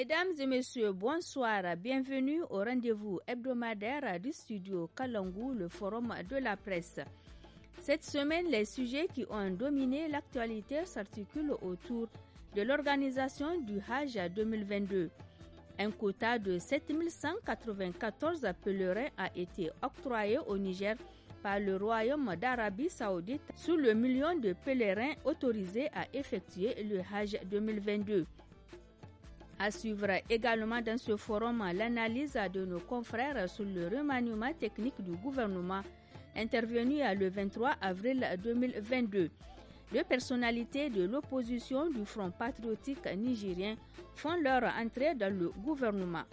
Mesdames et messieurs, bonsoir. Bienvenue au rendez-vous hebdomadaire du studio Kalangu, le forum de la presse. Cette semaine, les sujets qui ont dominé l'actualité s'articulent autour de l'organisation du Hajj 2022. Un quota de 7194 pèlerins a été octroyé au Niger par le Royaume d'Arabie saoudite sous le million de pèlerins autorisés à effectuer le Hajj 2022. À suivre également dans ce forum l'analyse de nos confrères sur le remaniement technique du gouvernement intervenu le 23 avril 2022. Deux personnalités de l'opposition du Front patriotique nigérien font leur entrée dans le gouvernement.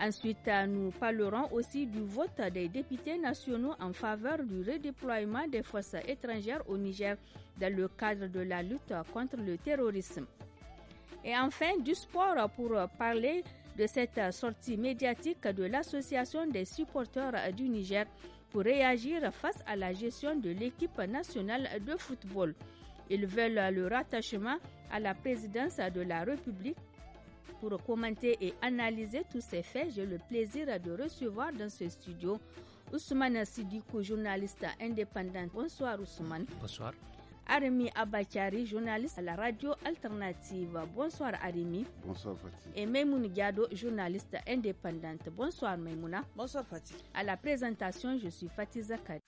Ensuite, nous parlerons aussi du vote des députés nationaux en faveur du redéploiement des forces étrangères au Niger dans le cadre de la lutte contre le terrorisme. Et enfin, du sport pour parler de cette sortie médiatique de l'Association des supporters du Niger pour réagir face à la gestion de l'équipe nationale de football. Ils veulent le rattachement à la présidence de la République. Pour commenter et analyser tous ces faits, j'ai le plaisir de recevoir dans ce studio Ousmane Sidiko, journaliste indépendant. Bonsoir Ousmane. Bonsoir. Arimi Abakari, journaliste à la radio alternative. Bonsoir Arimi. Bonsoir Fatih. Et Maimoun Giado, journaliste indépendante. Bonsoir Maimouna. Bonsoir Fatih. À la présentation, je suis Fatih Zakari.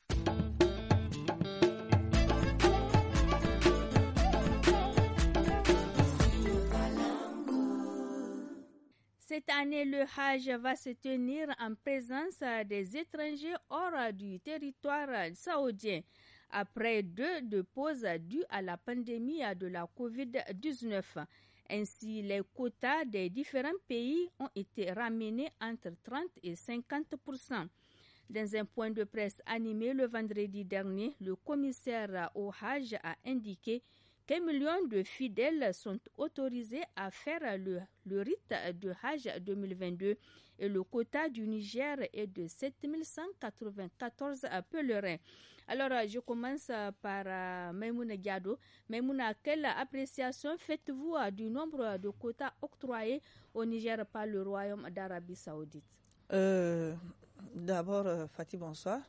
Cette année, le Hajj va se tenir en présence des étrangers hors du territoire saoudien après deux de pauses dues à la pandémie de la COVID-19. Ainsi, les quotas des différents pays ont été ramenés entre 30 et 50 dans un point de presse animé le vendredi dernier, le commissaire au Hajj a indiqué qu'un million de fidèles sont autorisés à faire le, le rite de Hajj 2022 et le quota du Niger est de 7194 pèlerins. Alors, je commence par euh, Maimouna Gado. Maimouna, quelle appréciation faites-vous euh, du nombre de quotas octroyés au Niger par le Royaume d'Arabie Saoudite euh, D'abord, Fatih, bonsoir.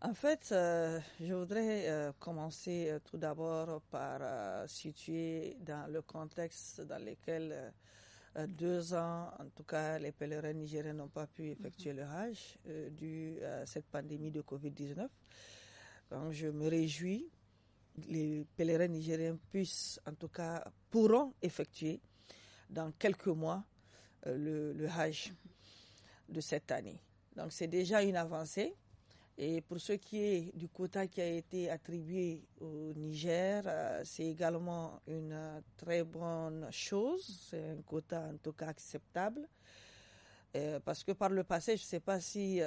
En fait, je voudrais commencer tout d'abord par situer dans le contexte dans lequel euh, deux ans, en tout cas, les pèlerins nigériens n'ont pas pu effectuer le Hajj euh, dû à cette pandémie de Covid-19. Donc, je me réjouis les pèlerins nigériens puissent, en tout cas, pourront effectuer dans quelques mois euh, le, le Hajj de cette année. Donc c'est déjà une avancée. Et pour ce qui est du quota qui a été attribué au Niger, euh, c'est également une euh, très bonne chose. C'est un quota en tout cas acceptable. Euh, parce que par le passé, je ne sais pas si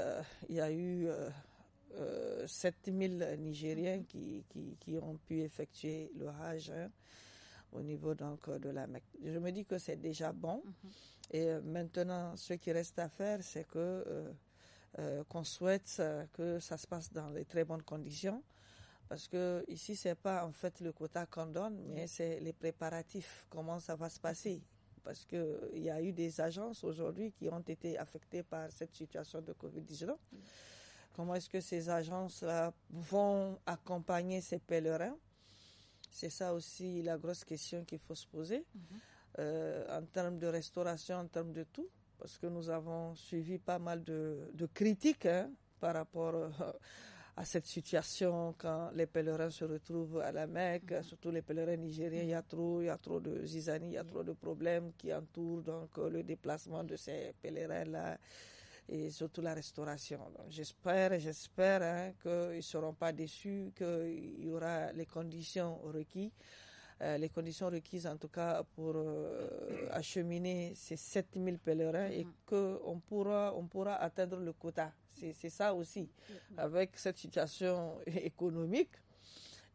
il y a eu 7000 Nigériens qui, qui, ont pu effectuer le hein, au niveau donc de la Mecque. Je me dis que c'est déjà bon. Mhm. Et maintenant, ce qui reste à faire, c'est que euh, qu'on souhaite euh, que ça se passe dans les très bonnes conditions parce que ici c'est pas en fait le quota qu'on donne, mais c'est les préparatifs, comment ça va se passer. Parce que il y a eu des agences aujourd'hui qui ont été affectées par cette situation de Covid-19. Comment est-ce que ces agences-là euh, vont accompagner ces pèlerins C'est ça aussi la grosse question qu'il faut se poser mm-hmm. en termes de restauration, en termes de tout parce que nous avons suivi pas mal de, critiques hein, par rapport euh, à cette situation quand les pèlerins se retrouvent à la Mecque, mhm. surtout les pèlerins nigériens, il y a trop, il y a trop de zizanie, il y a trop de problèmes qui entourent euh, le déplacement de ces pèlerins-là et surtout la restauration. J'espère, j'espère hein, qu'ils ne seront pas déçus, qu'il y aura les conditions requises euh, les conditions requises en tout cas pour euh, acheminer ces 7000 pèlerins et mm-hmm. que on pourra, on pourra atteindre le quota. C'est ça aussi. Mm-hmm. Avec cette situation économique,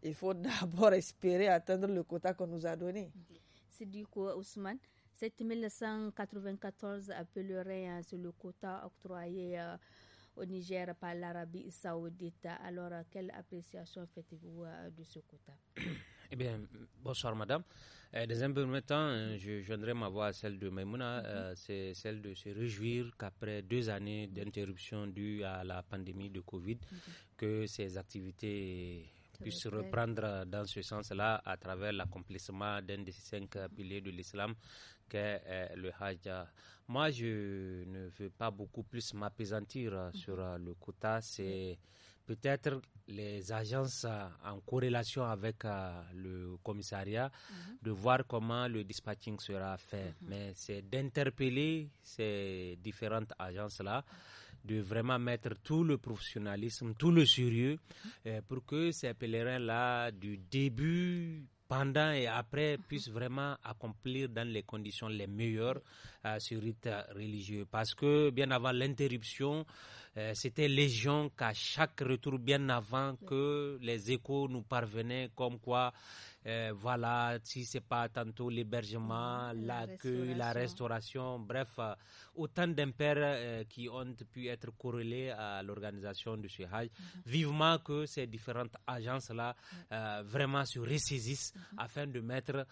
il faut d'abord espérer atteindre le quota qu'on nous a donné. Mm-hmm. C'est du coup, Ousmane. 7194 pèlerins hein, sur le quota octroyé euh, au Niger par l'Arabie saoudite. Alors, quelle appréciation faites-vous de ce quota Eh bien, bonsoir madame. Euh, dans un premier temps, euh, je joindrai ma voix à celle de Maimouna, mhm. euh, c'est celle de se réjouir qu'après deux années d'interruption due à la pandémie de Covid, mhm. que ces activités puissent reprendre dans ce sens-là à travers l'accomplissement d'un des cinq piliers de l'islam qu'est le Hajj. Moi, je ne veux pas beaucoup plus m'apesantir mhm. sur le quota. C'est peut-être les agences euh, en corrélation avec euh, le commissariat mhm. de voir comment le dispatching sera fait. Mhm. Mais c'est d'interpeller ces différentes agences-là, de vraiment mettre tout le professionnalisme, tout le sérieux mhm. euh, pour que ces pèlerins-là, du début pendant et après puissent vraiment accomplir dans les conditions les meilleures ce euh, rite religieux. Parce que bien avant l'interruption, euh, c'était les gens qu'à chaque retour, bien avant que les échos nous parvenaient, comme quoi euh, voilà, si c'est pas tantôt l'hébergement, mmh, l'accueil, la, restauration, bref, euh, autant d'impairs euh, qui ont pu être corrélés à l'organisation de ce Hajj. Mmh. Vivement que ces différentes agences-là mmh. vraiment se ressaisissent afin de mettre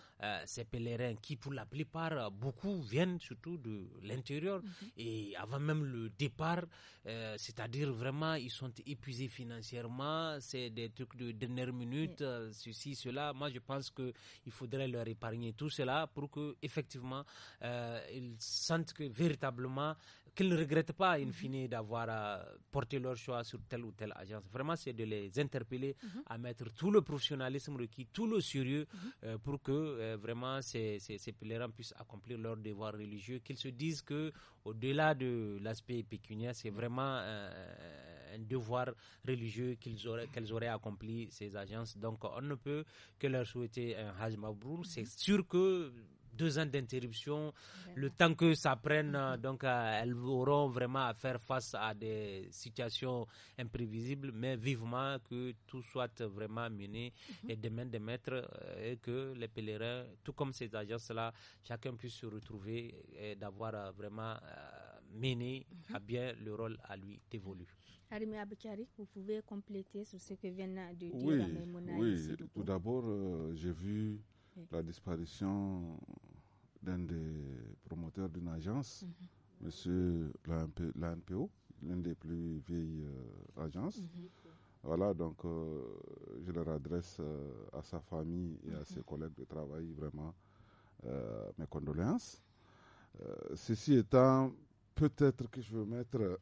ces pèlerins qui, pour la plupart, beaucoup viennent surtout de l'intérieur et avant même le départ, c'est-à-dire vraiment, ils sont épuisés financièrement, c'est des trucs de dernière minute, ceci, cela. Moi, je je pense qu'il faudrait leur épargner tout cela pour que effectivement euh, ils sentent que véritablement qu'ils ne regrettent pas in mhm. fine d'avoir euh, porté leur choix sur telle ou telle agence. Vraiment, c'est de les interpeller mhm. à mettre tout le professionnalisme requis, tout le sérieux mhm. euh, pour que vraiment ces, ces, pèlerins puissent accomplir leurs devoirs religieux, qu'ils se disent que au-delà de l'aspect pécuniaire, c'est vraiment un devoir religieux qu'elles auraient, auraient accompli, ces agences. Donc, on ne peut que leur souhaiter un Hajj Mabroul. C'est mhm. sûr que deux ans d'interruption, le temps que ça prenne, euh, donc euh, elles auront vraiment à faire face à des situations imprévisibles, mais vivement que tout soit vraiment mené mhm. et de main de maître euh, et que les pèlerins, tout comme ces agences-là, chacun puisse se retrouver et d'avoir vraiment mené mhm. à bien le rôle à lui dévolu vous pouvez compléter sur ce que vient de dire oui, Oui, tout d'abord, euh, j'ai vu la disparition d'un des promoteurs d'une agence, mm monsieur l'ANPO, l'une des plus vieilles euh, agences. Mhm. Voilà, donc euh, je leur adresse à sa famille et à mhm. ses collègues de travail vraiment mes condoléances. ceci étant, peut-être que je veux mettre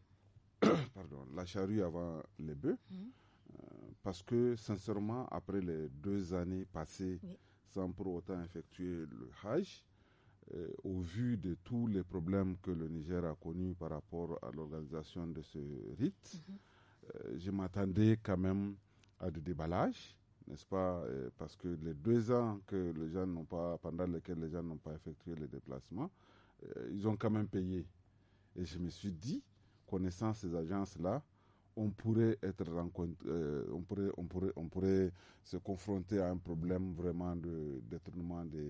pardon, la charrue avant les bœufs. Mm-hmm. Euh, parce que, sincèrement, après les deux années passées sans pour autant effectuer le Hajj, euh, au vu de tous les problèmes que le Niger a connus par rapport à l'organisation de ce rite, mm-hmm. euh, je m'attendais quand même à du déballages n'est-ce pas Parce que les deux ans que les gens n'ont pas, pendant lesquels les gens n'ont pas effectué les déplacements, ils ont quand même payé. Et je me suis dit, connaissant ces agences-là, on pourrait être euh, on pourrait, on pourrait, on pourrait se confronter à un problème vraiment de détournement des,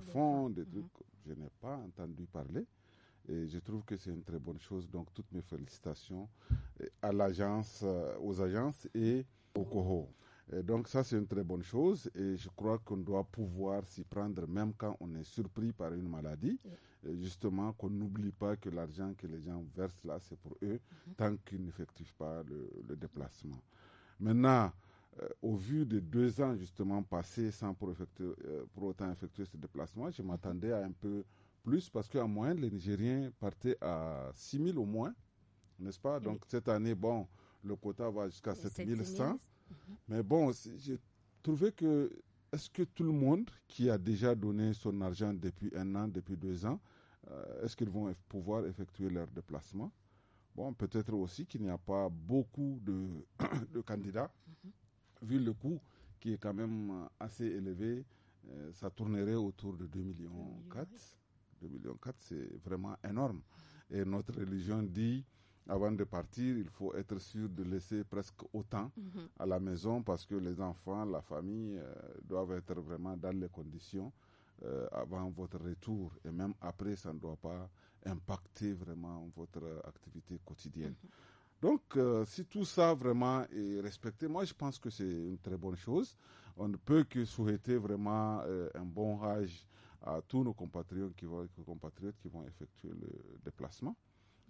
fonds, des trucs. Mhm. Je n'ai pas entendu parler. Et je trouve que c'est une très bonne chose. Donc, toutes mes félicitations euh, à l'agence, euh, aux agences et au COHO. donc ça, c'est une très bonne chose et je crois qu'on doit pouvoir s'y prendre même quand on est surpris par une maladie justement qu'on n'oublie pas que l'argent que les gens versent là, c'est pour eux, mhm. tant qu'ils n'effectuent pas le, déplacement. Maintenant, euh, au vu des deux ans justement passés sans pour, euh, pour autant effectuer ce déplacement, je m'attendais à un peu plus parce qu'en moyenne, les Nigériens partaient à 6 000 au moins, n'est-ce pas Donc cette année, bon, le quota va jusqu'à 7 100. Mhm. Mais bon, j'ai trouvé que est-ce que tout le monde qui a déjà donné son argent depuis un an, depuis deux ans, euh, est-ce qu'ils vont pouvoir effectuer leur déplacement Bon, peut-être aussi qu'il n'y a pas beaucoup de, candidats, vu le coût qui est quand même euh, assez élevé. Euh, ça tournerait autour de 2 millions 4. 2 millions 4, c'est vraiment énorme. Et notre religion dit, avant de partir, il faut être sûr de laisser presque autant mhm. à la maison parce que les enfants, la famille doivent être vraiment dans les conditions euh, avant votre retour et même après, ça ne doit pas impacter vraiment votre activité quotidienne. Mhm. Donc, euh, si tout ça vraiment est respecté, moi je pense que c'est une très bonne chose. On ne peut que souhaiter vraiment euh, un bon rage à tous nos compatriotes qui vont, qui vont effectuer le déplacement.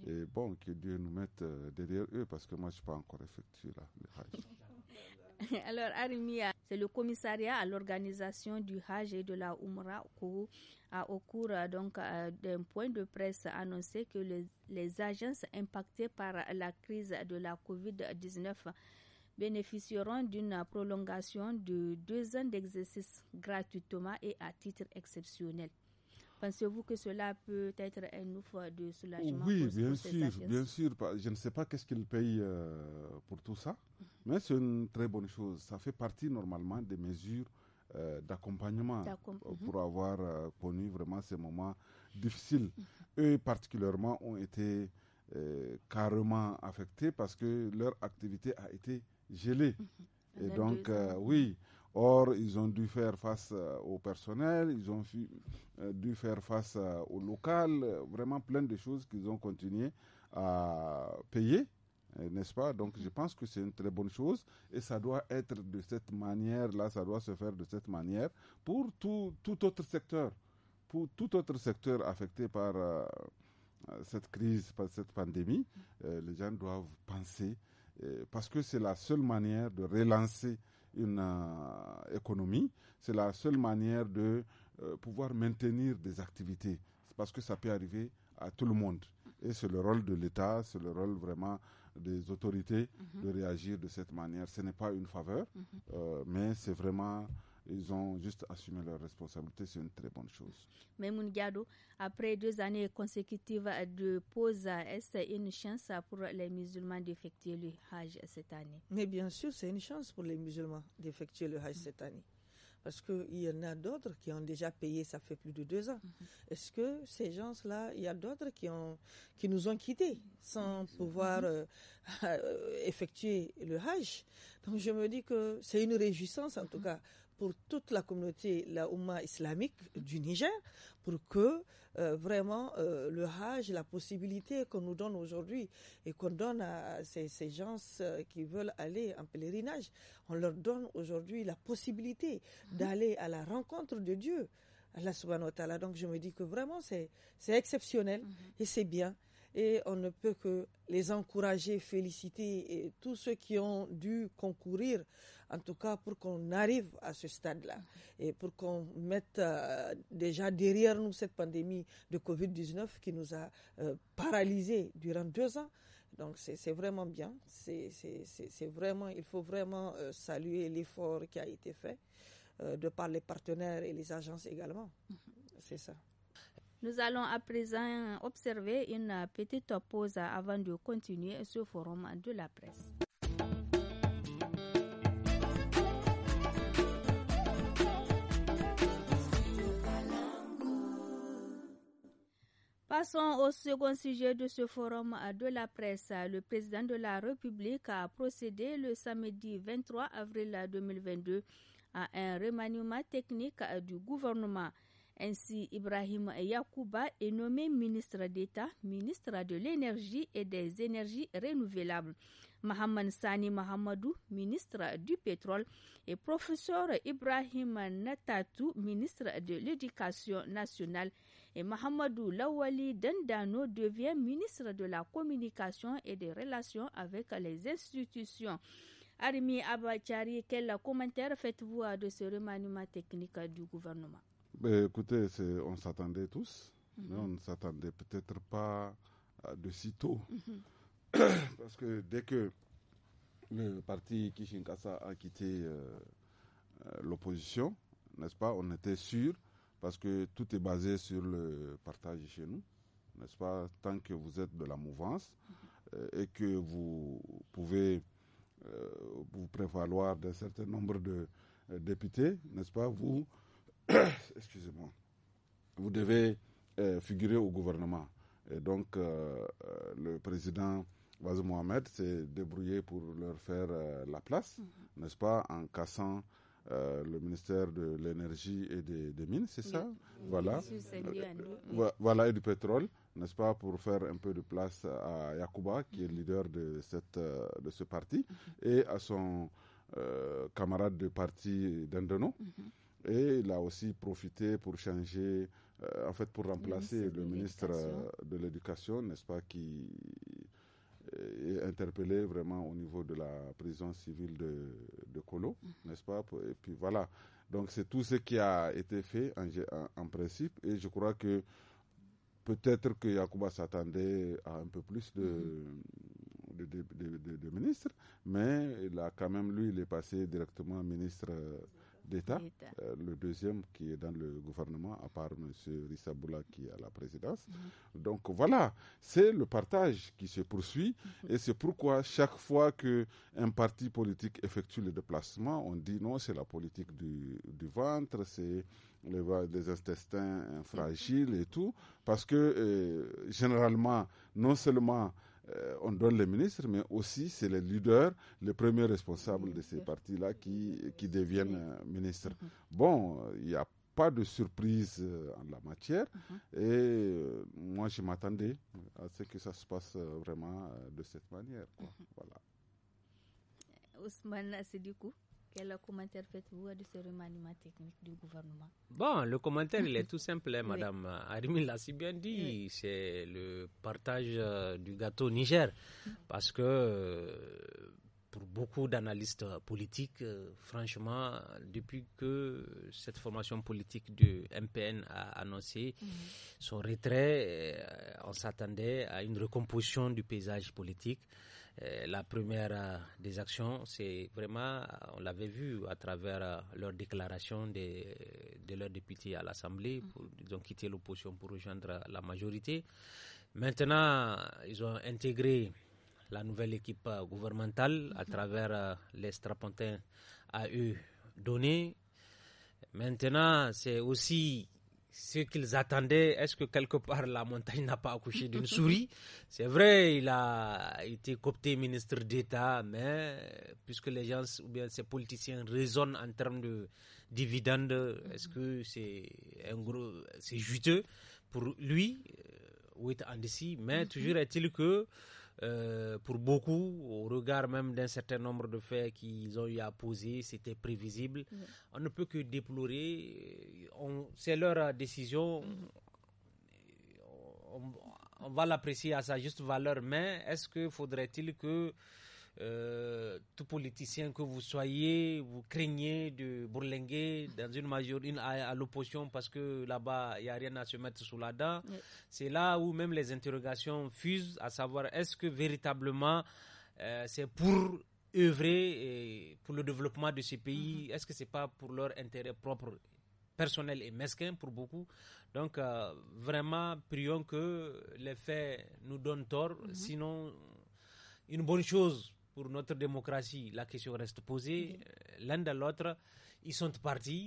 Et bon, que Dieu nous mette derrière eux, parce que moi, je n'ai pas encore effectué le rage Alors, Arimia, c'est le commissariat à l'organisation du Hajj et de la Umrah euh, au, au cours euh, donc euh, d'un point de presse annoncé que les, les agences impactées par la crise de la COVID-19 bénéficieront d'une prolongation de deux ans d'exercice gratuitement et à titre exceptionnel. Pensez-vous que cela peut être un offre de soulagement Oui, bien sûr, bien sûr. Je ne sais pas qu'est-ce qu'ils payent euh, pour tout ça, mais c'est une très bonne chose. Ça fait partie normalement des mesures euh, d'accompagnement euh, mhm. pour avoir connu vraiment ces moments difficiles. Eux particulièrement ont été carrément affectés parce que leur activité a été gelée. Mhm. Et donc, oui, Or, ils ont dû faire face euh, au personnel, ils ont euh, dû faire face euh, au local, vraiment plein de choses qu'ils ont continué à payer, n'est-ce pas Donc, je pense que c'est une très bonne chose et ça doit être de cette manière-là, ça doit se faire de cette manière pour tout, autre secteur, pour tout autre secteur affecté par cette crise, par cette pandémie. les gens doivent penser parce que c'est la seule manière de relancer une euh, économie. C'est la seule manière de euh, pouvoir maintenir des activités, parce que ça peut arriver à tout le monde. Et c'est le rôle de l'État, c'est le rôle vraiment des autorités mhm. de réagir de cette manière. Ce n'est pas une faveur, mhm. euh, mais c'est vraiment ils ont juste assumé leurs responsabilités. C'est une très bonne chose. Mais après deux années consécutives de pause, est-ce une chance pour les musulmans d'effectuer le Hajj cette année Mais bien sûr, c'est une chance pour les musulmans d'effectuer le Hajj cette année parce qu'il y en a d'autres qui ont déjà payé, ça fait plus de deux ans. Mhm. Est-ce que ces gens-là, il y a d'autres qui, ont, qui nous ont quittés sans mhm. pouvoir euh, effectuer le Hajj Donc je me dis que c'est une réjouissance en tout mhm. cas pour toute la communauté, la islamique du Niger, pour que euh, vraiment euh, le Hajj, la possibilité qu'on nous donne aujourd'hui et qu'on donne à ces, gens euh, qui veulent aller en pèlerinage, on leur donne aujourd'hui la possibilité mhm. d'aller à la rencontre de Dieu. à la wa Donc je me dis que vraiment c'est exceptionnel mhm. et c'est bien. Et on ne peut que les encourager, féliciter et tous ceux qui ont dû concourir en tout cas pour qu'on arrive à ce stade-là et pour qu'on mette euh, déjà derrière nous cette pandémie de Covid-19 qui nous a paralysé euh, paralysés durant deux ans. Donc c'est vraiment bien, c'est vraiment, il faut vraiment euh, saluer l'effort qui a été fait de par les partenaires et les agences également. Mm-hmm. C'est ça. Nous allons à présent observer une petite pause avant de continuer ce forum de la presse. Passons au second sujet de ce forum de la presse. Le président de la République a procédé le samedi 23 avril 2022 à un remaniement technique du gouvernement. Ainsi, Ibrahim Yakuba est nommé ministre d'État, ministre de l'Énergie et des Énergies renouvelables. Mohamed Sani Mahamadou, ministre du Pétrole, et professeur Ibrahim Natatou, ministre de l'Éducation nationale, et Mahamadou Lawali Dendano devient ministre de la Communication et des Relations avec les institutions. Armi Abachari, quel commentaire faites-vous de ce remaniement technique du gouvernement? Bah, écoutez, on s'attendait tous, mhm. mais on ne s'attendait peut-être pas euh, de si tôt. Mhm. Parce que dès que le parti Kishinkasa a quitté euh, euh, l'opposition, n'est-ce pas, on était sûr, parce que tout est basé sur le partage chez nous, n'est-ce pas, tant que vous êtes de la mouvance mhm. et que vous pouvez vous prévaloir d'un certain nombre de députés, n'est-ce pas, vous excusez-moi, vous devez euh, figurer au gouvernement. Et donc, euh, euh, le président Bazou Mohamed s'est débrouillé pour leur faire la place, mm-hmm. n'est-ce pas, en cassant le ministère de l'énergie et des, mines, c'est ça Voilà. Voilà, et du pétrole, n'est-ce pas, pour faire un peu de place à Yakuba, qui est le leader de, cette, de ce parti, mm-hmm. et à son camarade de parti d'Andono. Mm-hmm. Et il a aussi profité pour changer, euh, en fait, pour remplacer le ministre euh, de l'Éducation, n'est-ce pas, qui est interpellé vraiment au niveau de la prison civile de, de Colo, mhm. n'est-ce pas Et puis voilà. Donc c'est tout ce qui a été fait en, principe. Et je crois que peut-être que Yacouba s'attendait à un peu plus mhm. de, de, de, ministres, mais il a quand même, lui, il est passé directement ministre d'État, euh, le deuxième qui est dans le gouvernement, à part M. Rissaboula qui est à la présidence. Mhm. Donc voilà, c'est le partage qui se poursuit mhm. et c'est pourquoi chaque fois qu'un parti politique effectue le déplacement, on dit non, c'est la politique du, ventre, c'est des intestins fragiles et tout, parce que euh, généralement, non seulement euh, on donne les ministres, mais aussi c'est les leaders, les premiers responsables de ces partis-là qui, qui deviennent euh, ministres. Mm-hmm. Bon, euh, il n'y a pas de surprise en la matière. Mm-hmm. Et moi, je m'attendais à ce que ça se passe vraiment de cette manière. Mm-hmm. Voilà quel commentaire faites-vous de ce remaniement technique du gouvernement Bon, le commentaire, il est tout simple, hein, madame. Oui. l'a si bien dit, c'est le partage euh, du gâteau Niger. Parce que euh, pour beaucoup d'analystes politiques, euh, franchement, depuis que cette formation politique du MPN a annoncé mhm. son retrait, on s'attendait à une recomposition du paysage politique. Euh, la première euh, des actions, c'est vraiment, euh, on l'avait vu à travers leur déclaration de, de leurs députés à l'Assemblée, mm-hmm. ils ont quitté l'opposition pour rejoindre la majorité. Maintenant, ils ont intégré la nouvelle équipe gouvernementale à mm-hmm. travers les strapontins à eux donnés. Maintenant, c'est aussi ce qu'ils attendaient, est-ce que quelque part la montagne n'a pas accouché d'une souris C'est vrai, il a été coopté ministre d'État, mais puisque les gens ou bien ces politiciens raisonnent en termes de dividendes, est-ce que c'est un gros, c'est juteux pour lui euh, ou est Mais mm-hmm. toujours est-il que euh, pour beaucoup, au regard même d'un certain nombre de faits qu'ils ont eu à poser, c'était prévisible. On ne peut que déplorer. C'est leur décision. On, on va l'apprécier à sa juste valeur, mais est-ce que faudrait-il que euh, tout politicien que vous soyez, vous craignez de bourlinguer dans une majorité à, l'opposition parce que là-bas, il n'y a rien à se mettre sous la dent. C'est là où même les interrogations fusent, à savoir est-ce que véritablement euh, c'est pour œuvrer pour le développement de ces pays, mm-hmm. est-ce que c'est pas pour leur intérêt propre personnel et mesquin pour beaucoup. Donc, euh, vraiment, prions que les faits nous donnent tort. Mm-hmm. Sinon, une bonne chose pour notre démocratie, la question reste posée. Mhm. Euh, l'un de l'autre, ils sont partis,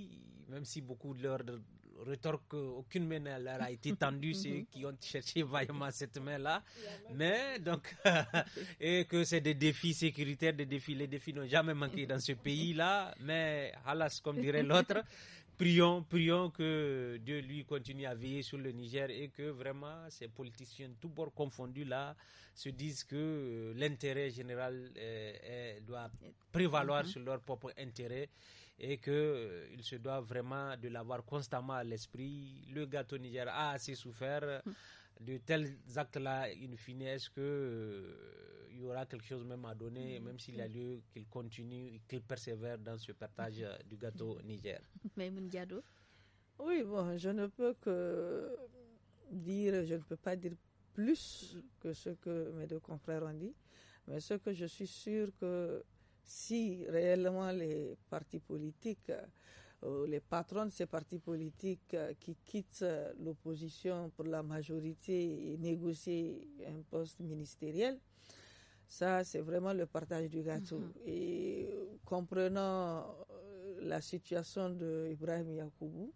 même si beaucoup de leur rétorque, aucune main ne leur a été tendue, ceux mhm. qui ont cherché vaillamment cette main-là. Mais donc, et que c'est des défis sécuritaires, des défis, les défis n'ont jamais manqué dans ce pays-là. Mais, halas, comme dirait l'autre, prions, prions que Dieu lui continue à veiller sur le Niger et que vraiment ces politiciens, tout bord confondus là, se disent que euh, l'intérêt général euh, doit prévaloir mhm. sur leur propre intérêt et qu'ils euh, se doivent vraiment de l'avoir constamment à l'esprit. Le gâteau Niger a assez souffert mhm. de tels actes là, une finesse que y aura quelque chose même à donner, mm-hmm. même s'il a lieu qu'il continue, et qu'il persévère dans ce partage mm-hmm. euh, du gâteau Niger. Oui, bon, je ne peux que dire, je ne peux pas dire plus que ce que mes deux confrères ont dit, mais ce que je suis sûr que si réellement les partis politiques, euh, les patrons de ces partis politiques euh, qui quittent l'opposition pour la majorité et négocient un poste ministériel, ça, c'est vraiment le partage du gâteau. Mhm. Et comprenant euh, la situation de Ibrahim Yacoubou,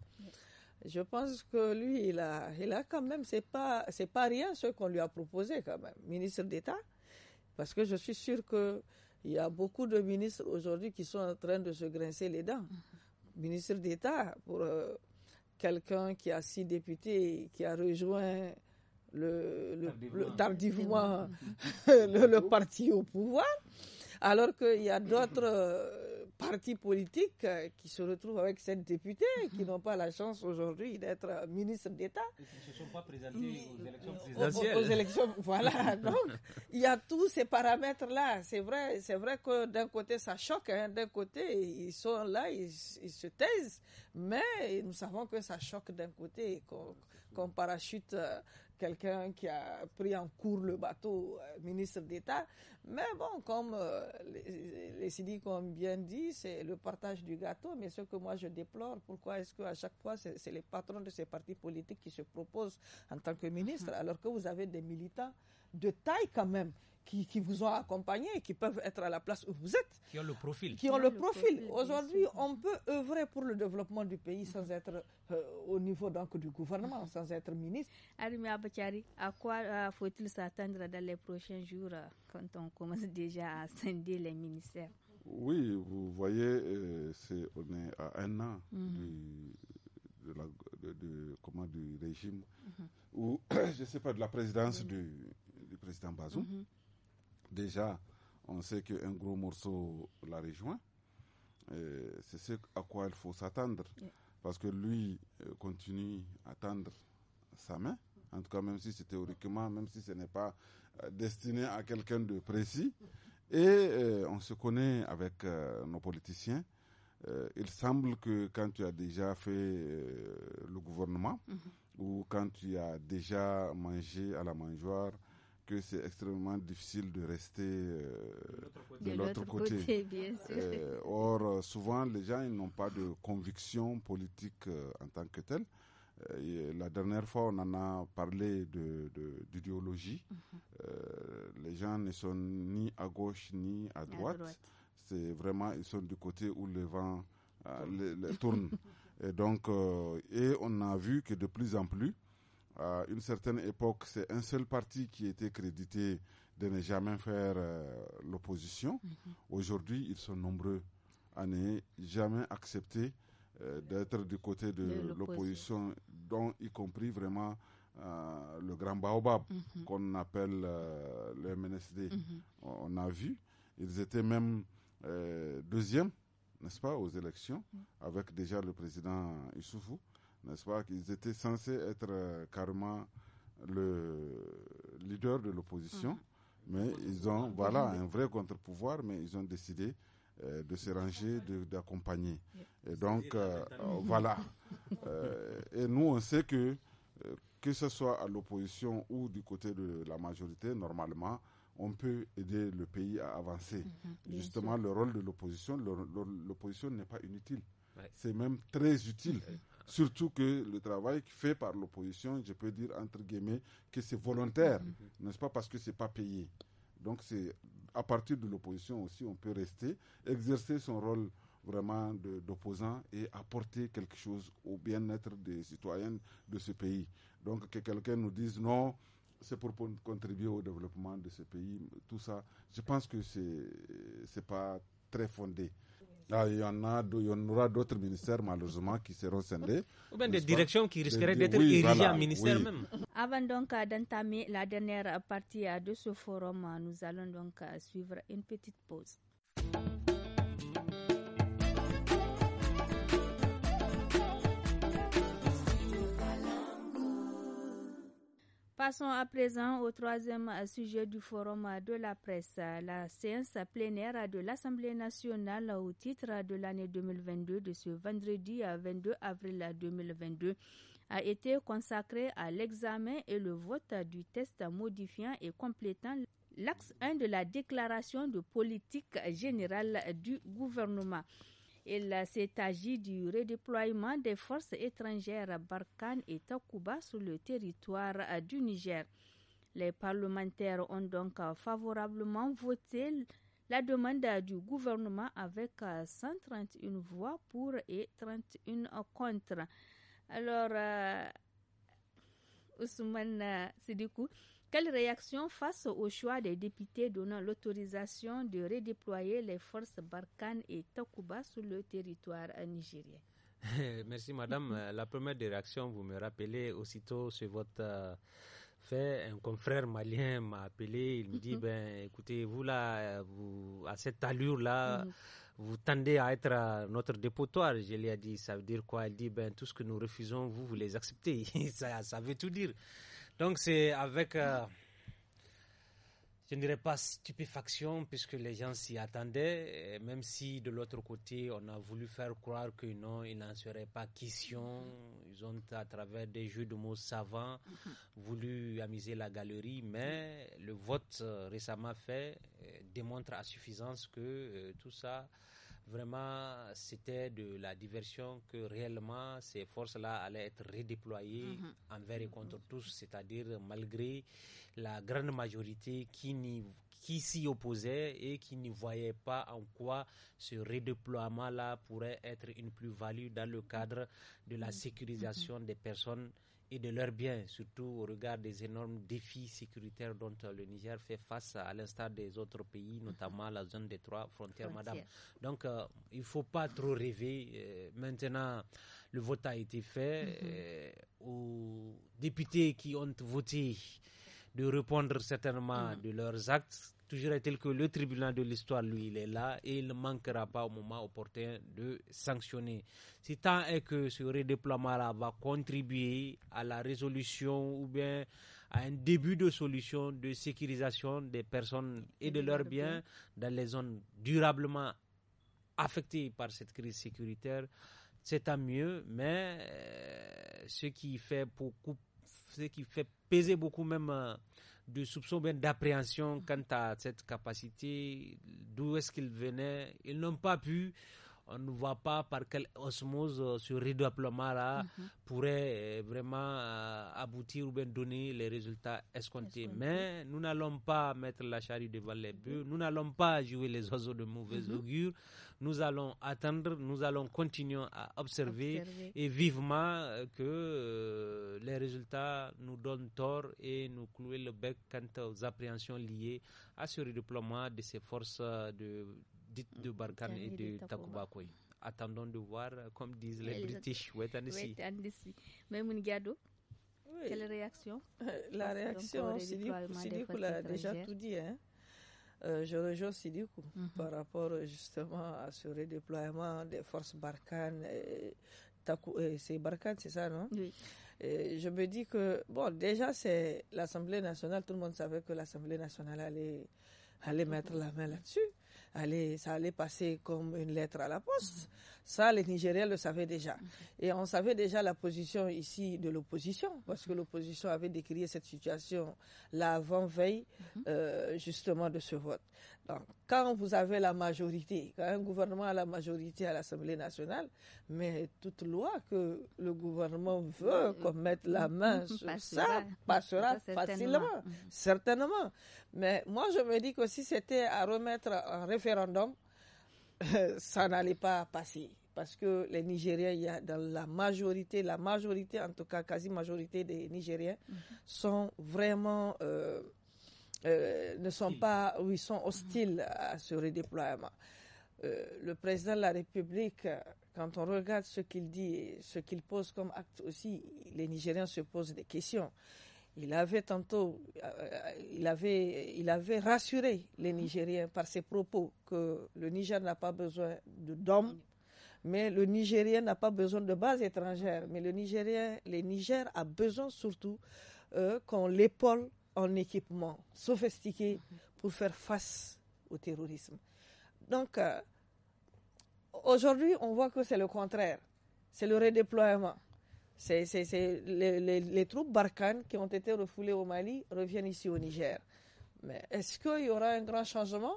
je pense que lui, il a, il a quand même, c'est pas, c'est pas rien ce qu'on lui a proposé quand même, ministre d'État, parce que je suis sûr que il y a beaucoup de ministres aujourd'hui qui sont en train de se grincer les dents. Mhm. Ministre d'État pour euh, quelqu'un qui a six députés, qui a rejoint le, tardivement, le, parti au pouvoir, alors qu'il y a d'autres euh, partis politiques euh, qui se retrouvent avec cette députés qui n'ont pas la chance aujourd'hui d'être ministre d'État. Ils ne se sont pas présentés aux élections euh, présidentielles. Aux, élections, voilà. Donc, il y a tous ces paramètres-là. C'est vrai, c'est vrai que d'un côté, ça choque. Hein, d'un côté, ils sont là, ils, se taisent. Mais nous savons que ça choque d'un côté, qu'on parachute quelqu'un qui a pris en cours le bateau euh, ministre d'État. Mais bon, comme euh, les, les comme ont bien dit, c'est le partage du gâteau. Mais ce que moi je déplore, pourquoi est-ce qu'à chaque fois, c'est les patrons de ces partis politiques qui se proposent en tant que ministre, mhm. alors que vous avez des militants de taille quand même qui, vous ont accompagné, qui peuvent être à la place où vous êtes. Qui ont le profil. Qui ont, le, profil. Aujourd'hui, on peut œuvrer pour le développement du pays sans être euh, au niveau donc, du gouvernement, sans être ministre. Arimé Abachari, à quoi euh, faut-il s'attendre dans les prochains jours euh, quand on commence déjà à scinder les ministères Oui, vous voyez, on est à un an mhm. du régime, mhm. ou, je ne sais pas, de la présidence du, président Bazoum. Mhm déjà, on sait qu'un gros morceau la rejoint. C'est ce à quoi il faut s'attendre. Parce que lui euh, continue à tendre sa main. En tout cas, même si c'est théoriquement, même si ce n'est pas euh, destiné à quelqu'un de précis. Et euh, on se connaît avec nos politiciens. il semble que quand tu as déjà fait le gouvernement mhm. ou quand tu as déjà mangé à la mangeoire que c'est extrêmement difficile de rester euh, de l'autre côté. or, souvent, les gens n'ont pas de conviction politique euh, en tant que telle. Euh, la dernière fois, on en a parlé d'idéologie. De, d'idéologie. Mhm. les gens ne sont ni à gauche ni à droite. C'est vraiment, ils sont du côté où le vent tourne. et donc, et on a vu que de plus en plus, à une certaine époque, c'est un seul parti qui était crédité de ne jamais faire euh, l'opposition. Mhm. Aujourd'hui, ils sont nombreux à ne jamais accepter euh, d'être du côté de, l'opposition, dont y compris vraiment euh, le grand baobab mhm. qu'on appelle le MNSD. Mhm. On a vu, ils étaient même deuxièmes, n'est-ce pas, aux élections, avec déjà le président Issoufou n'est-ce pas, qu'ils étaient censés être euh, carrément le leader de l'opposition, mm-hmm. mais ils ont, voilà, un vrai contre-pouvoir, mais ils ont décidé euh, de se ranger, d'accompagner. Et donc, euh, voilà. et nous, on sait que, que ce soit à l'opposition ou du côté de la majorité, normalement, on peut aider le pays à avancer. Mm-hmm. Justement, le rôle de l'opposition, l'opposition n'est pas inutile. C'est même très utile. Surtout que le travail fait par l'opposition, je peux dire entre guillemets que c'est volontaire, mm-hmm. n'est-ce pas, parce que c'est pas payé. Donc c'est à partir de l'opposition aussi, on peut rester, exercer son rôle vraiment d'opposant et apporter quelque chose au bien-être des citoyens de ce pays. Donc que quelqu'un nous dise non, c'est pour contribuer au développement de ce pays, tout ça, je pense que ce n'est pas très fondé. Ah, il y en a, aura d'autres ministères malheureusement qui seront scindés. Ou bien des directions qui risqueraient d'être oui, érigées en ministère même. Avant donc d'entamer la dernière partie de ce forum, nous allons donc euh, suivre une petite pause. passons à présent au troisième euh, sujet du forum euh, de la presse. Euh, la séance plénière de l'Assemblée nationale au titre de l'année 2022 de ce vendredi 22 avril 2022 a été consacrée à l'examen et le vote du test modifiant et complétant l'axe 1 de la déclaration de politique générale du gouvernement. Il s'est agi du redéploiement des forces étrangères Barkhane et Takuba sur le territoire euh, du Niger. Les parlementaires ont donc euh, favorablement voté la demande du gouvernement avec 131 euh, voix pour et 31 contre. Alors, Ousmane coup. Quelle réaction face au choix des députés donnant l'autorisation de redéployer les forces Barkhane et Takuba sur le territoire nigérien Merci madame. Mm-hmm. La première des réactions, vous me rappelez aussitôt sur votre euh, fait, un confrère malien m'a appelé, il me dit, mm-hmm. ben écoutez, vous là, euh, à cette allure-là, mm-hmm. vous tendez à être notre dépotoir. Je lui ai dit, ça veut dire quoi Il dit, ben tout ce que nous refusons, vous, vous les acceptez. ça veut tout dire. Donc c'est avec, euh, je ne dirais pas stupéfaction, puisque les gens s'y attendaient, même si de l'autre côté, on a voulu faire croire que non, il n'en serait pas question. Ils ont, à travers des jeux de mots savants, mhm. voulu amuser la galerie, mais le vote euh, récemment fait euh, démontre à suffisance que tout ça Vraiment, c'était de la diversion que réellement ces forces-là allaient être redéployées mhm. envers et contre tous, c'est-à-dire malgré la grande majorité qui n'y qui s'y opposait et qui n'y voyait pas en quoi ce redéploiement-là pourrait être une plus-value dans le cadre de la mhm. sécurisation mhm. des personnes et de leurs biens, surtout au regard des énormes défis sécuritaires dont le Niger fait face, à l'instar des autres pays, mhm. notamment la zone des trois frontières, madame. Donc, euh, il ne faut pas trop rêver. Euh, maintenant, le vote a été fait. Mhm. Euh, aux députés qui ont voté de répondre certainement mhm. de leurs actes, Toujours est-il que le tribunal de l'histoire, lui, il est là et il ne manquera pas au moment opportun de sanctionner. Si tant est que ce redéploiement-là va contribuer à la résolution ou bien à un début de solution de sécurisation des personnes et de leurs biens dans les zones durablement affectées par cette crise sécuritaire, c'est à mieux, mais euh, ce qui fait ce qui fait peser beaucoup même euh, de soupçons, d'appréhension quant à cette capacité, d'où est-ce qu'ils venaient. Ils n'ont pas pu on ne voit pas par quelle osmose euh, ce redoublement là hein, mhm. pourrait euh, vraiment euh, aboutir ou bien donner les résultats escomptés. Mais nous n'allons pas mettre la charrue devant les bœufs, mhm. nous n'allons pas jouer les oiseaux de mauvaise mhm. augure, nous allons attendre, nous allons continuer à observer, et vivement que les résultats nous donnent tort et nous clouer le bec quant aux appréhensions liées à ce redéploiement de ces forces de de mm, Barkhane et de Takuba Attendons de voir, euh, comme disent les, Britanniques, British, wait and see. quelle réaction La réaction, Sidikou l'a déjà tout dit. Hein? Euh, je rejoins Sidikou mhm. par rapport euh, justement à ce redéploiement des forces Barkhane. C'est Barkhane, c'est ça, non je me dis que, bon, déjà, c'est l'Assemblée nationale, tout le monde savait que l'Assemblée nationale allait, allait mhm. mettre la main là-dessus allait, ça allait passer comme une lettre à la poste. Ça, les Nigériens le savaient déjà. Et on savait déjà la position ici de l'opposition, parce que l'opposition avait décrié cette situation l'avant-veille, mhm. euh, justement, de ce vote quand vous avez la majorité, quand un gouvernement a la majorité à l'Assemblée nationale, mais toute loi que le gouvernement veut qu'on mette la main sur ça passera facilement, mhm. certainement. Mais moi, je me dis que si c'était à remettre en référendum, ça n'allait pas passer. Parce que les Nigériens, il y a dans la majorité, la majorité, en tout cas quasi majorité des Nigériens, mhm. sont vraiment euh, euh, ne sont pas, ils sont hostiles à ce redéploiement. Euh, le président de la République, quand on regarde ce qu'il dit, ce qu'il pose comme acte aussi, les Nigériens se posent des questions. Il avait tantôt, euh, il avait, il avait rassuré les Nigériens par ses propos que le Niger n'a pas besoin d'hommes, mais le Nigérien n'a pas besoin de bases étrangères. Mais le Nigérien, les Niger a besoin surtout qu'on l'épaule en équipement sophistiqué pour faire face au terrorisme. Donc, euh, aujourd'hui, on voit que c'est le contraire. C'est le redéploiement. C'est les, les, troupes Barkhane qui ont été refoulées au Mali reviennent ici au Niger. Mais est-ce qu'il y aura un grand changement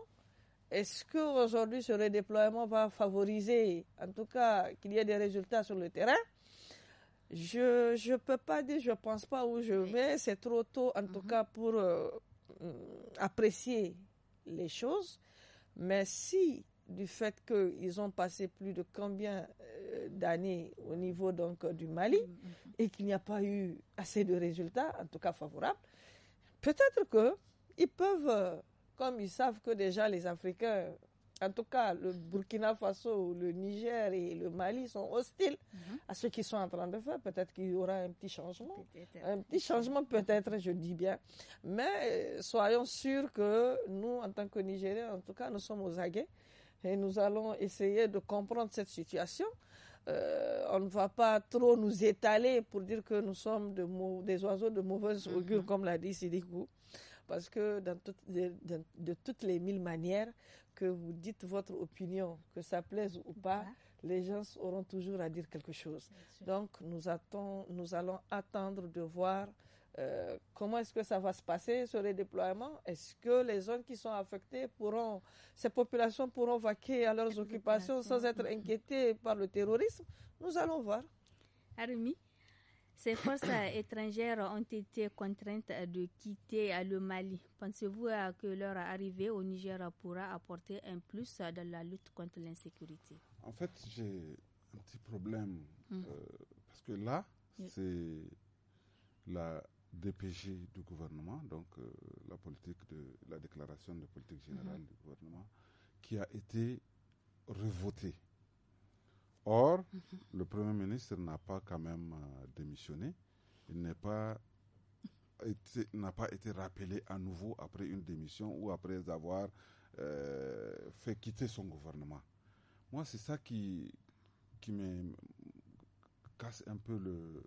Est-ce qu'aujourd'hui, ce redéploiement va favoriser, en tout cas, qu'il y ait des résultats sur le terrain je je peux pas dire je pense pas où je vais, c'est trop tôt en tout mhm. cas pour euh, mm, apprécier les choses. Mais si du fait qu'ils ont passé plus de combien euh, d'années au niveau donc euh, du Mali mhm, mhm. et qu'il n'y a pas eu assez de résultats, en tout cas favorables, peut-être que ils peuvent, comme ils savent que déjà les Africains en tout cas, le Burkina Faso, le Niger et le Mali sont hostiles mhm. à ce qu'ils sont en train de faire. Peut-être qu'il y aura un petit changement. Un petit changement peut-être, je dis bien. Mais euh, soyons sûrs que nous, en tant que Nigériens, en tout cas, nous sommes aux aguets et nous allons essayer de comprendre cette situation. Euh, on ne va pas trop nous étaler pour dire que nous sommes des oiseaux de mauvaise mhm. augure, comme l'a dit Sidikou, parce que dans, de, toutes les mille manières, que vous dites votre opinion, que ça plaise ou pas, les gens auront toujours à dire quelque chose. Donc nous, attend, nous allons attendre de voir euh, comment est-ce que ça va se passer, ce redéploiement Est-ce que les zones qui sont affectées pourront, ces populations pourront vaquer à leurs occupations sans être inquiétées par le terrorisme Nous allons voir. Arumi ces forces étrangères ont été contraintes de quitter le Mali. Pensez-vous que leur arrivée au Niger pourra apporter un plus dans la lutte contre l'insécurité En fait, j'ai un petit problème mm. euh, parce que là, c'est la DPG du gouvernement, donc euh, la politique de la déclaration de politique générale mm-hmm. du gouvernement, qui a été revotée. Or, mhm. le Premier ministre n'a pas quand même euh, démissionné. Il n'est pas n'a pas été rappelé à nouveau après une démission ou après avoir euh, fait quitter son gouvernement. Moi, c'est ça qui, qui me casse un peu euh,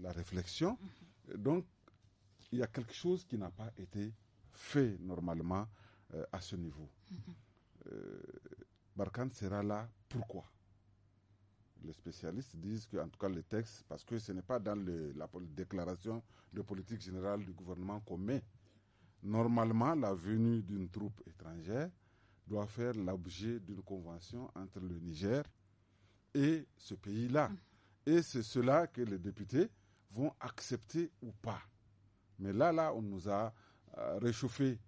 la réflexion. Mhm. Donc, il y a quelque chose qui n'a pas été fait normalement à ce niveau. Mhm. Barkhane sera là pourquoi les spécialistes disent que, en tout cas, le texte, parce que ce n'est pas dans la déclaration de politique générale du gouvernement qu'on met. Normalement, la venue d'une troupe étrangère doit faire l'objet d'une convention entre le Niger et ce pays-là. Mm. Et c'est cela que les députés vont accepter ou pas. Mais là, là, on nous a euh, réchauffés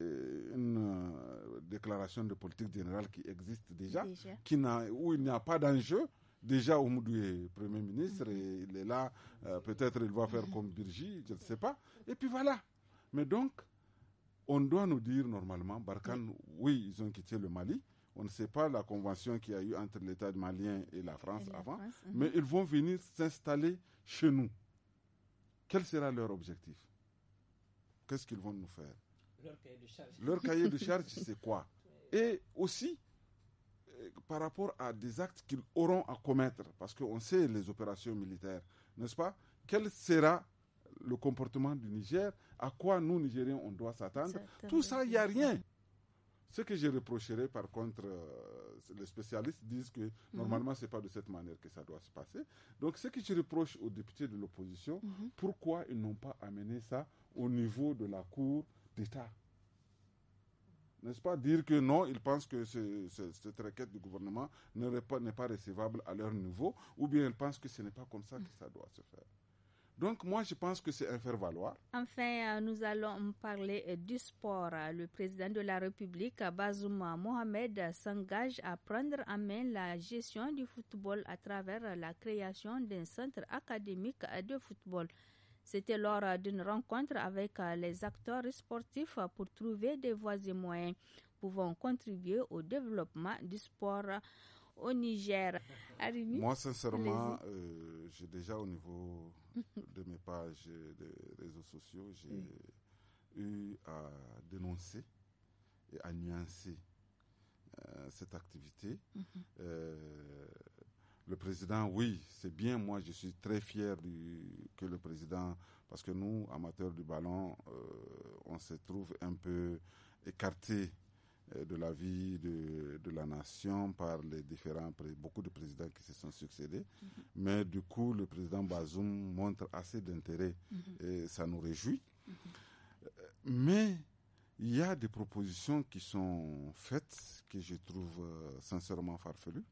euh, une euh, déclaration de politique générale qui existe déjà, qui n'a où il n'y a pas d'enjeu. Déjà, Oumoudou est Premier ministre mhm. et il est là. Euh, peut-être il va faire mhm. comme Birgi, je ne sais pas. Et puis voilà. Mais donc, on doit nous dire normalement, Barkhane, oui, ils ont quitté le Mali. On ne sait pas la convention qu'il y a eu entre l'État malien et la France avant, mhm. mais ils vont venir s'installer chez nous. Quel sera leur objectif Qu'est-ce qu'ils vont nous faire leur cahier de charge. c'est quoi Et aussi, euh, par rapport à des actes qu'ils auront à commettre, parce qu'on sait les opérations militaires, n'est-ce pas Quel sera le comportement du Niger À quoi nous, Nigériens, on doit s'attendre Tout ça, il n'y a rien. Ce que je reprocherais, par contre, euh, les spécialistes disent que mhm. normalement, ce n'est pas de cette manière que ça doit se passer. Donc, ce que je reproche aux députés de l'opposition, mhm. pourquoi ils n'ont pas amené ça au niveau de la Cour n'est-ce pas dire que non, ils pensent que ce, cette requête du gouvernement n'est pas, pas recevable à leur niveau, ou bien ils pensent que ce n'est pas comme ça que ça doit se faire. Donc moi, je pense que c'est un faire-valoir. Enfin, euh, nous allons parler euh, du sport. Le président de la République, Bazouma Mohamed, s'engage à prendre en main la gestion du football à travers la création d'un centre académique de football. C'était lors d'une rencontre avec euh, les acteurs sportifs pour trouver des voies et moyens pouvant contribuer au développement du sport au Niger. Moi, sincèrement, euh, j'ai déjà au niveau de mes pages de réseaux sociaux, j'ai eu à dénoncer et à nuancer euh, cette activité. Mhm le président, oui, c'est bien. Moi, je suis très fier du, que le président, parce que nous, amateurs du ballon, euh, on se trouve un peu écartés euh, de la vie de, la nation par les différents, beaucoup de présidents qui se sont succédés. Mm-hmm. Mais du coup, le président Bazoum montre assez d'intérêt mm-hmm. et ça nous réjouit. Mm-hmm. Euh, mais il y a des propositions qui sont faites que je trouve sincèrement farfelues.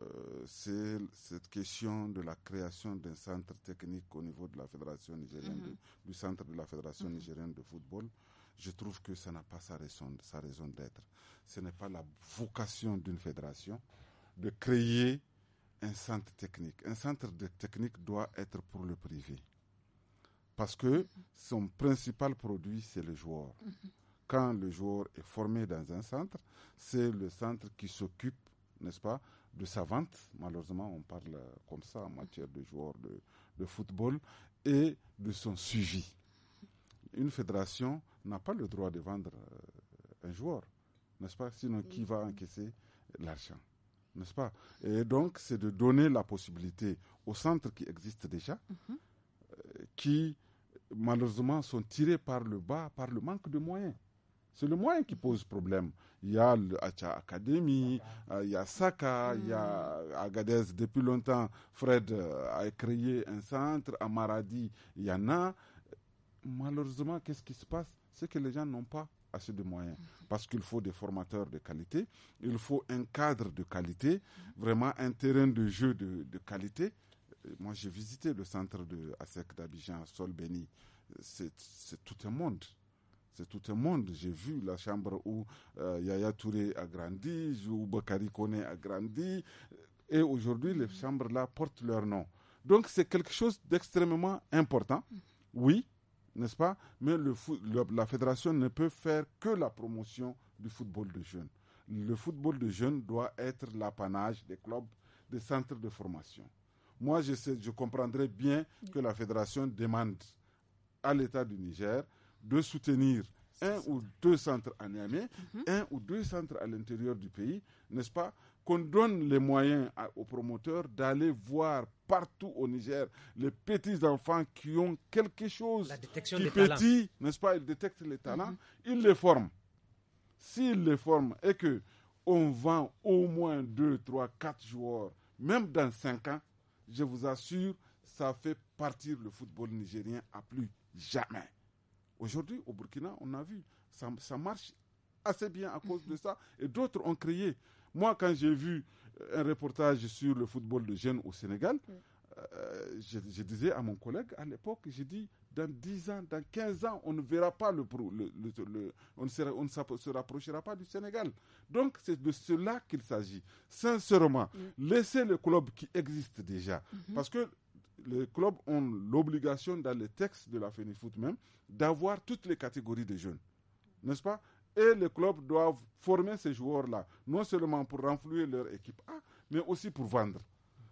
Euh, c'est cette question de la création d'un centre technique au niveau de la Fédération nigérienne, mhm. du centre de la Fédération mhm. nigérienne de football. Je trouve que ça n'a pas sa raison, sa raison d'être. Ce n'est pas la vocation d'une fédération de créer un centre technique. Un centre de technique doit être pour le privé. Parce que son principal produit, c'est le joueur. Mhm. Quand le joueur est formé dans un centre, c'est le centre qui s'occupe, n'est-ce pas, de sa vente, malheureusement on parle comme ça en matière de joueurs de, football, et de son suivi. Une fédération n'a pas le droit de vendre euh, un joueur, n'est-ce pas Sinon qui va encaisser l'argent n'est-ce pas Et donc c'est de donner la possibilité aux centres qui existent déjà, mhm. euh, qui malheureusement sont tirés par le bas, par le manque de moyens. C'est le moyen qui pose problème. Il y a l'Acha Academy, euh, il y a Saka, il y a Agadez. Depuis longtemps, Fred euh, a créé un centre. À Maradi, il y en a. Malheureusement, qu'est-ce qui se passe C'est que les gens n'ont pas assez de moyens. Parce qu'il faut des formateurs de qualité, il faut un cadre de qualité, vraiment un terrain de jeu de, qualité. Euh, moi, j'ai visité le centre de ASEC d'Abidjan, béni C'est tout un monde. C'est tout un monde. J'ai vu la chambre où euh, Yaya Touré a grandi, où Bakari Kone a grandi. Et aujourd'hui, les chambres là portent leur nom. Donc, c'est quelque chose d'extrêmement important. Oui, n'est-ce pas Mais la fédération ne peut faire que la promotion du football de jeunes. Le football de jeunes doit être l'apanage des clubs, des centres de formation. Moi, je, je comprendrais bien que la fédération demande à l'État du Niger de soutenir un ou deux centres à Niamey, mhm. un ou deux centres à l'intérieur du pays, n'est-ce pas Qu'on donne les moyens aux promoteurs d'aller voir partout au Niger les petits enfants qui ont quelque chose La qui petit, n'est-ce pas Ils détectent les talents, mhm. ils les forment. S'ils les forment et que on vend au moins deux, trois, quatre joueurs, même dans cinq ans, je vous assure, ça fait partir le football nigérien à plus jamais. Aujourd'hui, au Burkina, on a vu, ça, ça, marche assez bien à cause de ça. Et d'autres ont créé. Moi, quand j'ai vu euh, un reportage sur le football de jeunes au Sénégal, mm. euh, je, disais à mon collègue à l'époque, j'ai dit, dans 10 ans, dans 15 ans, on ne verra pas le, on, ne se rapprochera pas du Sénégal. Donc, c'est de cela qu'il s'agit. Sincèrement, mm. laissez le club qui existe déjà. Mm-hmm. Parce que les clubs ont l'obligation dans les texte de la FENIFOOT même d'avoir toutes les catégories de jeunes. N'est-ce pas Et les clubs doivent former ces joueurs-là, non seulement pour renflouer leur équipe A, mais aussi pour vendre.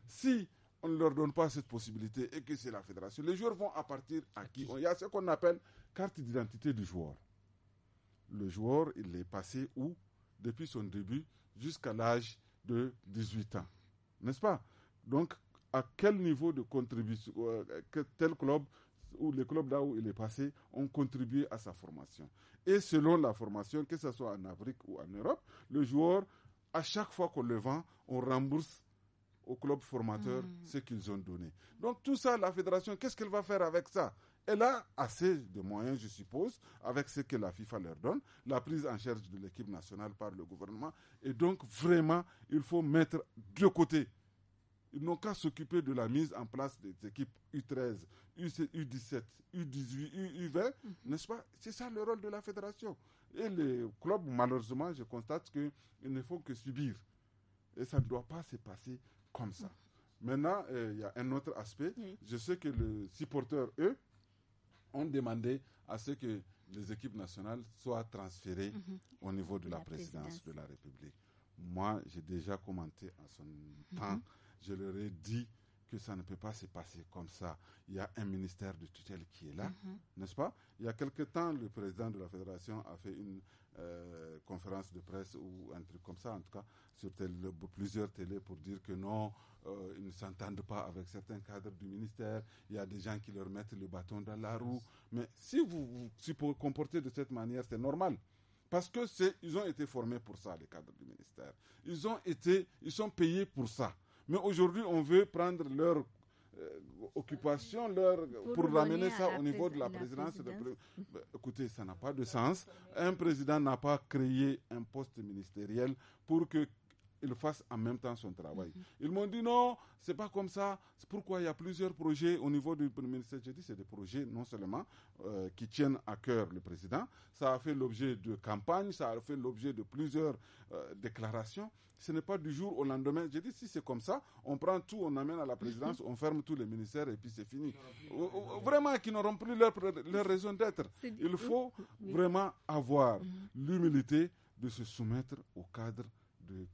Si on ne leur donne pas cette possibilité et que c'est la fédération, les joueurs vont à à qui Il y a ce qu'on appelle carte d'identité du joueur. Le joueur, il est passé où Depuis son début jusqu'à l'âge de 18 ans. N'est-ce pas Donc, à quel niveau de contribution euh, que tel club ou les clubs là où il est passé ont contribué à sa formation. Et selon la formation, que ce soit en Afrique ou en Europe, le joueur, à chaque fois qu'on le vend, on rembourse au club formateur hmm. ce qu'ils ont donné. Donc tout ça, la fédération, qu'est-ce qu'elle va faire avec ça Elle a assez de moyens, je suppose, avec ce que la FIFA leur donne, la prise en charge de l'équipe nationale par le gouvernement. Et donc vraiment, il faut mettre de côté ils n'ont qu'à s'occuper de la mise en place des équipes U13, U17, U18, U20, n'est-ce pas C'est ça le rôle de la fédération. Et les clubs, malheureusement, je constate qu'ils ne font que subir. Et ça ne doit pas se passer comme ça. Mhm. Maintenant, euh, il y a un autre aspect. Je sais que les supporters, eux, ont demandé à ce que les équipes nationales soient transférées mhm. au niveau de la, présidence de la République. Moi, j'ai déjà commenté à son mhm. temps je leur ai dit que ça ne peut pas se passer comme ça. Il y a un ministère de tutelle qui est là, mhm. n'est-ce pas Il y a quelque temps, le président de la fédération a fait une euh, conférence de presse ou un truc comme ça, en tout cas, sur plusieurs télés pour dire que non, euh, ils ne s'entendent pas avec certains cadres du ministère, il y a des gens qui leur mettent le bâton dans la roue. Mais si vous vous comportez de cette manière, c'est normal. Parce que ils ont été formés pour ça, les cadres du ministère. Ils ont été, ils sont payés pour ça. Mais aujourd'hui, on veut prendre leur euh, occupation leur, pour, ramener ça au niveau de la, présidence. Bah, écoutez, ça n'a pas de sens. Un président n'a pas créé un poste ministériel pour que il fasse en même temps son travail. Mhm. Ils m'ont dit non, c'est pas comme ça. C'est pourquoi il y a plusieurs projets au niveau du ministère. J'ai dit c'est des projets non seulement euh, qui tiennent à cœur le président, ça a fait l'objet de campagnes, ça a fait l'objet de plusieurs euh, déclarations. Ce n'est pas du jour au lendemain. J'ai dit si c'est comme ça, on prend tout, on amène à la présidence, on ferme tous les ministères et puis c'est fini. Vraiment, qui n'auront plus leur, raison d'être. Il faut vraiment avoir mhm. l'humilité de se soumettre au cadre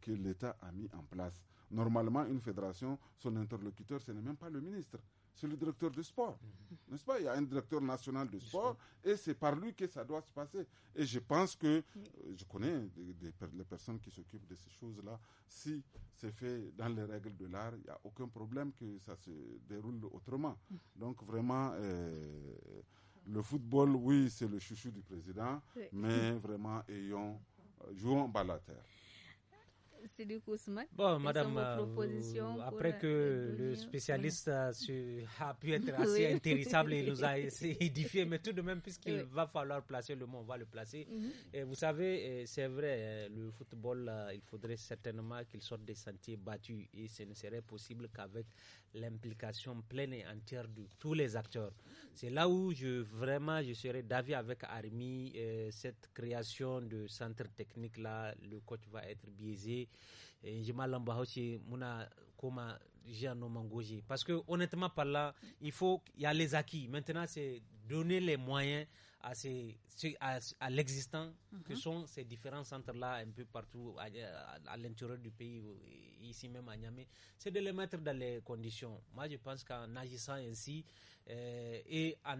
que l'État a mis en place. Normalement, une fédération, son interlocuteur, ce n'est même pas le ministre, c'est le directeur de sport. Mhm. N'est-ce pas Il y a un directeur national de sport et c'est par lui que ça doit se passer. Et je pense que, euh, je connais les personnes qui s'occupent de ces choses-là, si c'est fait dans les règles de l'art, il n'y a aucun problème que ça se déroule autrement. Mhm. Donc vraiment... Euh, le football, oui, c'est le chouchou du président, mais vraiment, ayons, jouons bas à terre. Bon, madame, euh, après que le spécialiste euh, a pu être assez intéressable et nous a édifié, mais tout de même, puisqu'il va falloir placer le mot, on va le placer. Mhm. vous savez, euh, c'est vrai, le football, il faudrait certainement qu'il sorte des sentiers battus et ce ne serait possible qu'avec l'implication pleine et entière de tous les acteurs. C'est là où je vraiment je serai d'avis avec Armi euh, cette création de centre technique là le coach va être biaisé je aussi parce que honnêtement par là il faut il y a les acquis maintenant c'est donner les moyens à, à, l'existant mhm. que sont ces différents centres-là un peu partout à, l'intérieur du pays, euh, ici même à Niamey, c'est de les mettre dans les conditions. Moi, je pense qu'en agissant ainsi euh, et en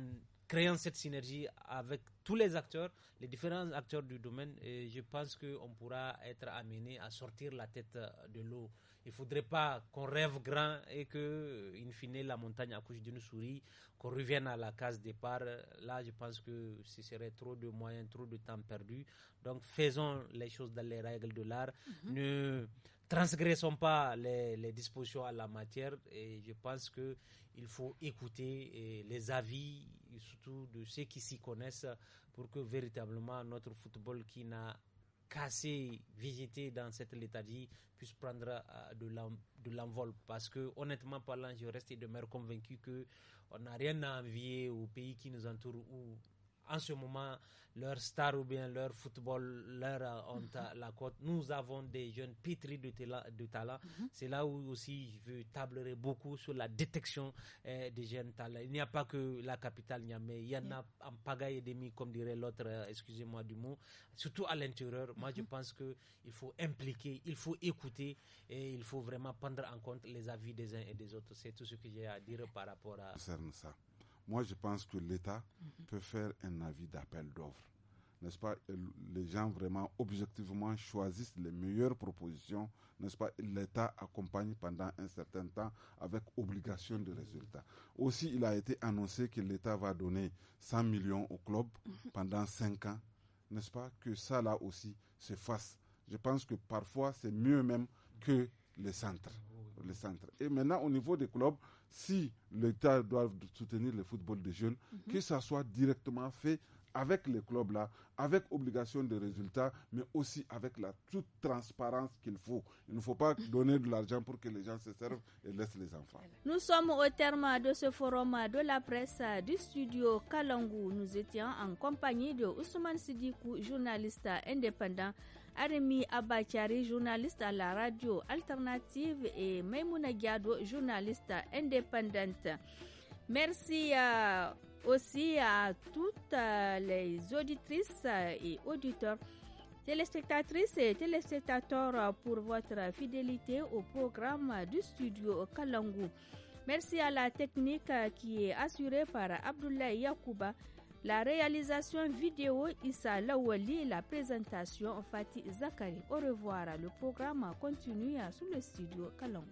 créant cette synergie avec tous les acteurs, les différents acteurs du domaine, euh, je pense qu'on pourra être amené à sortir la tête de l'eau. Il ne faudrait pas qu'on rêve grand et que, euh, in fine, la montagne accouche d'une souris, qu'on revienne à la case départ. Là, je pense que ce serait trop de moyens, trop de temps perdu. Donc, faisons les choses dans les règles de l'art. Mhm. Ne transgressons pas les, les, dispositions à la matière. Et je pense que il faut écouter les avis, surtout de ceux qui s'y connaissent, pour que véritablement notre football qui n'a casser, visiter dans cette léthargie puisse prendre euh, de l'envol. Parce que, honnêtement parlant, je reste et demeure convaincu que on n'a rien à envier aux pays qui nous entourent ou en ce moment leur star ou bien leur football, leur euh, ont la côte. Nous avons des jeunes pétris de, talent. Mhm. C'est là où aussi je veux tablerai beaucoup sur la détection euh, des jeunes talents. Il n'y a pas que la capitale il y en a en pagaille et demi, comme dirait l'autre, euh, excusez-moi du mot, surtout à l'intérieur. Moi, je mhm. pense qu'il faut impliquer, il faut écouter et il faut vraiment prendre en compte les avis des uns et des autres. C'est tout ce que j'ai à dire par rapport à ça. Moi, je pense que l'État mhm. peut faire un avis d'appel d'offres. N'est-ce pas Les gens vraiment objectivement choisissent les meilleures propositions, n'est-ce pas L'État accompagne pendant un certain temps avec obligation de résultat. Aussi, il a été annoncé que l'État va donner 100 millions au club mhm. pendant 5 ans, n'est-ce pas Que ça, là aussi, se fasse. Je pense que parfois, c'est mieux même que les centres centres. Et maintenant, au niveau des clubs, si l'État doit soutenir le football des jeunes, mhm. que ça soit directement fait avec les clubs-là, avec obligation de résultats, mais aussi avec la toute transparence qu'il faut. Il ne faut pas mhm. donner de l'argent pour que les gens se servent et laissent les enfants. Nous sommes au terme de ce forum de la presse du studio Kalangou. Nous étions en compagnie de Ousmane Sidikou, journaliste indépendant. Aremi Abachari, journaliste à la radio alternative, et Maimouna Gado, journaliste indépendante. Merci euh, aussi à toutes euh, les auditrices euh, et auditeurs. Téléspectatrices et téléspectateurs pour votre fidélité au programme du studio Kalangu. Merci à la technique qui est assurée par Abdoulaye Yakouba. La réalisation vidéo Issa Lawali et la présentation Fatih Zakari. Au revoir. Le programme continue sur le studio Kalong.